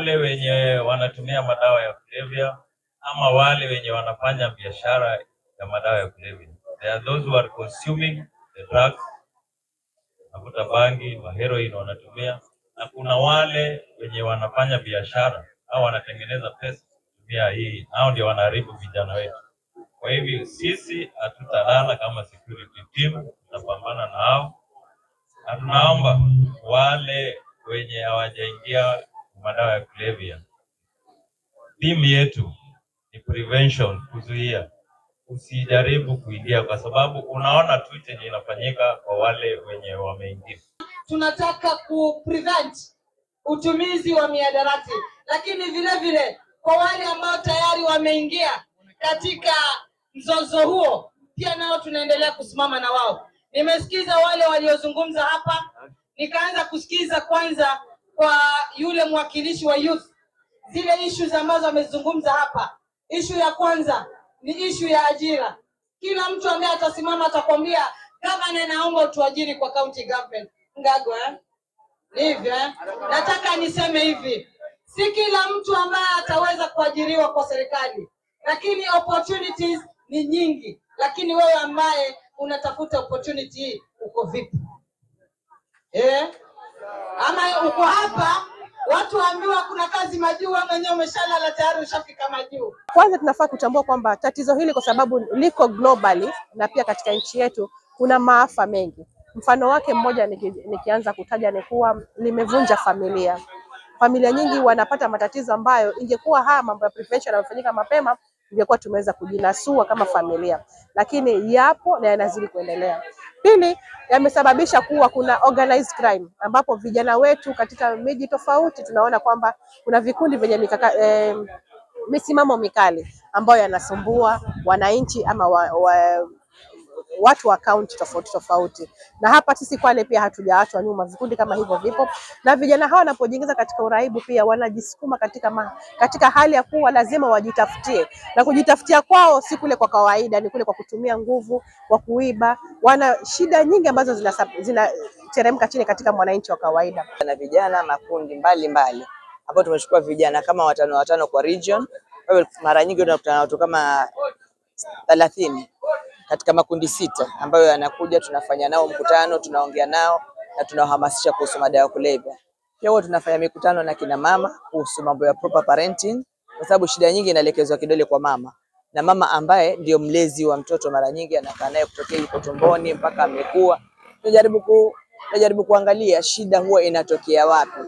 wale wenye wanatumia madawa ya kulevya ama wale wenye wanafanya biashara ya madawa ya kulevya. There are those who are consuming the drugs, nakuta bangi, maheroin wanatumia, na kuna wale wenye wanafanya biashara au wanatengeneza pesa kutumia hii, hao ndio wanaharibu vijana wetu. Kwa hivyo sisi hatutalala kama security team, tutapambana na hao, na tunaomba wale wenye hawajaingia madawa ya kulevya. Theme yetu ni prevention, kuzuia. Usijaribu kuingia, kwa sababu unaona tu chenye inafanyika kwa wale wenye wameingia. Tunataka ku prevent utumizi wa miadarati, lakini vile vile kwa wale ambao tayari wameingia katika mzozo huo, pia nao tunaendelea kusimama na wao. Nimesikiza wale waliozungumza hapa, nikaanza kusikiza kwanza kwa yule mwakilishi wa youth, zile ishu ambazo amezungumza hapa. Ishu ya kwanza ni ishu ya ajira. Kila mtu ambaye atasimama atakwambia gavana, naomba utuajiri kwa county government. Ngagwa eh? Hivyo eh? Nataka niseme hivi, si kila mtu ambaye ataweza kuajiriwa kwa serikali, lakini opportunities ni nyingi. Lakini wewe ambaye unatafuta opportunity hii uko vipi eh? ama uko hapa watu waambiwa kuna kazi majuu, mwenyewe umeshalala tayari, ushafika majuu. Kwanza tunafaa kutambua kwamba tatizo hili kwa sababu liko globally na pia katika nchi yetu kuna maafa mengi. Mfano wake mmoja niki, nikianza kutaja ni kuwa limevunja familia. Familia nyingi wanapata matatizo ambayo ingekuwa haya mambo ya prevention yanafanyika mapema, ingekuwa tumeweza kujinasua kama familia, lakini yapo na yanazidi kuendelea. Pili, yamesababisha kuwa kuna organized crime ambapo vijana wetu katika miji tofauti tunaona kwamba kuna vikundi vyenye mikaka, eh, misimamo mikali ambayo yanasumbua wananchi ama wa, wa, watu wa kaunti tofauti tofauti, na hapa sisi Kwale pia hatujaachwa nyuma, vikundi kama hivyo vipo, na vijana hawa wanapojiingiza katika uraibu pia wanajisukuma katika, ma, katika hali ya kuwa lazima wajitafutie, na kujitafutia kwao si kule kwa kawaida, ni kule kwa kutumia nguvu, kwa kuiba. Wana shida nyingi ambazo zinateremka zina chini katika mwananchi wa kawaida, na vijana makundi mbalimbali ambao tumechukua vijana kama watano watano kwa region, mara nyingi na watu kama thelathini katika makundi sita ambayo yanakuja, tunafanya nao mkutano, tunaongea nao na tunawahamasisha kuhusu madawa ya kulevya. Pia huwa tunafanya mikutano na kina mama kuhusu mambo ya proper parenting, kwa sababu shida nyingi inaelekezwa kidole kwa mama na mama ambaye ndio mlezi wa mtoto, mara nyingi anakaa naye kutokea yuko tumboni mpaka amekua. Tunajaribu ku tunajaribu kuangalia shida huwa inatokea wapi,